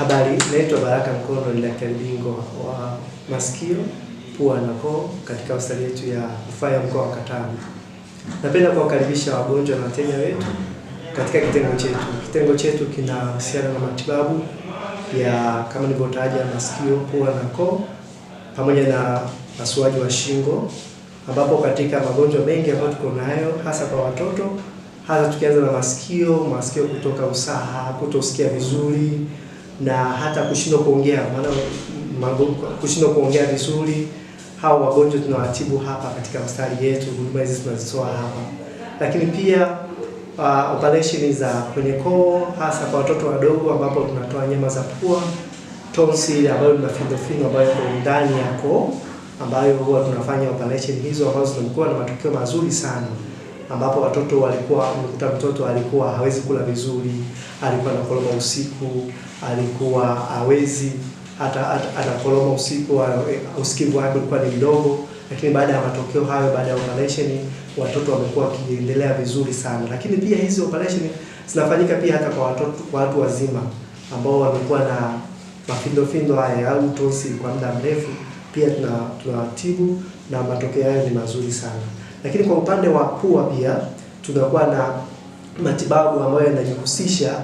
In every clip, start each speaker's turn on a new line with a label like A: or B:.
A: Habari, naitwa Baraka Mkono, ni daktari bingwa wa masikio, pua na koo katika hospitali yetu ya rufaa ya mkoa wa Katavi. Napenda kuwakaribisha wagonjwa na wateja wetu katika kitengo chetu. Kitengo chetu kinahusiana na matibabu ya kama nilivyotaja, masikio, pua na koo pamoja na pasuaji wa shingo, ambapo katika magonjwa mengi ambayo tuko nayo hasa kwa watoto, hasa tukianza na masikio, masikio kutoka usaha, kutosikia vizuri na hata kushindwa kuongea, maana kushindwa kuongea vizuri. Hao wagonjwa tunawatibu hapa katika mstari yetu, huduma hizi tunazitoa hapa, lakini pia uh, operation za kwenye koo, hasa kwa watoto wadogo, ambapo tunatoa nyama za pua, tonsil ambayo fino fino ambayo iko ndani ya koo, ambayo huwa tunafanya operation hizo ambazo zinakuwa na matokeo mazuri sana ambapo watoto walikuwa, unakuta mtoto alikuwa hawezi kula vizuri, alikuwa anakoroma usiku, alikuwa hawezi hata anakoroma usiku, usikivu wake ulikuwa ni mdogo. Lakini baada ya matokeo hayo, baada ya operation, watoto wamekuwa wakiendelea vizuri sana. Lakini pia hizi operation zinafanyika pia hata kwa watoto, kwa watu wazima ambao wamekuwa na mafindofindo haya au tosi kwa muda mrefu, pia tunawatibu tuna na matokeo hayo ni mazuri sana. Lakini kwa upande wa pua pia tunakuwa na matibabu ambayo yanajihusisha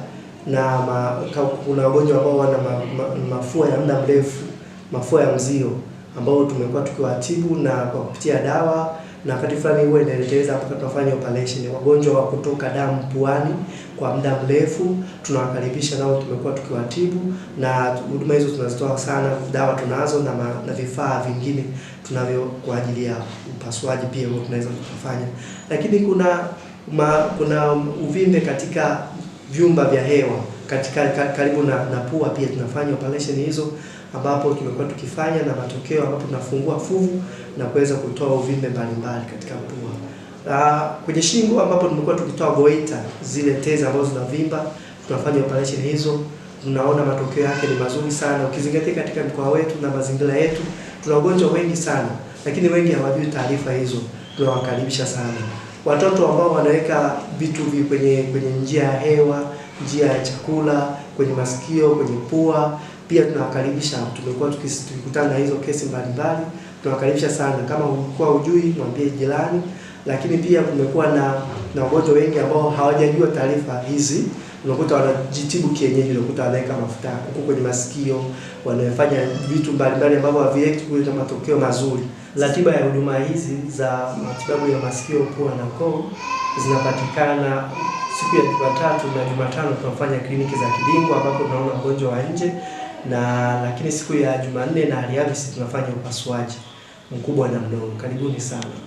A: na ma, kuna wagonjwa ambao wana ma, ma, mafua ya muda mrefu, mafua ya mzio ambao tumekuwa tukiwatibu na kwa kupitia dawa na wakati fulani huwa inaelekeza mpaka tunafanya operation. Wagonjwa wa kutoka damu puani kwa muda mrefu tunawakaribisha nao, tumekuwa tukiwatibu na huduma hizo tunazitoa sana. Dawa tunazo na, ma, na vifaa vingine tunavyo kwa ajili ya upasuaji pia huwa tunaweza tukafanya, lakini kuna ma, kuna uvimbe katika vyumba vya hewa katika karibu na, na pua pia tunafanya operation hizo, ambapo tumekuwa tukifanya na matokeo, ambapo tunafungua fuvu na kuweza kutoa uvimbe mbalimbali katika pua. Uh, kwenye shingo ambapo tumekuwa tukitoa goita, zile tezi ambazo zinavimba, tunafanya operation hizo, tunaona matokeo yake ni mazuri sana, ukizingatia katika mkoa wetu na mazingira yetu tuna wagonjwa wengi sana, lakini wengi hawajui taarifa hizo. Tunawakaribisha sana watoto ambao wanaweka vitu vi kwenye kwenye njia ya hewa njia ya chakula, kwenye masikio, kwenye pua. Pia tunawakaribisha, tumekuwa tukikutana na hizo kesi mbalimbali, tunawakaribisha sana. Kama ulikuwa ujui, mwambie jirani. Lakini pia kumekuwa na na wagonjwa wengi ambao hawajajua taarifa hizi, unakuta wanajitibu kienyeji, unakuta wanaweka mafuta huko kwenye masikio, wanafanya vitu mbalimbali ambavyo haviwezi kuleta matokeo mazuri.
B: Ratiba ya huduma hizi za matibabu ya masikio, pua na koo zinapatikana siku ya Jumatatu na Jumatano tunafanya kliniki za kibingwa ambapo tunaona mgonjwa wa nje na lakini siku ya Jumanne na Alhamisi tunafanya upasuaji mkubwa na mdogo. Karibuni sana.